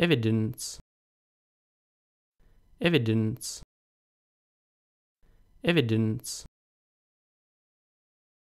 evidence evidence evidence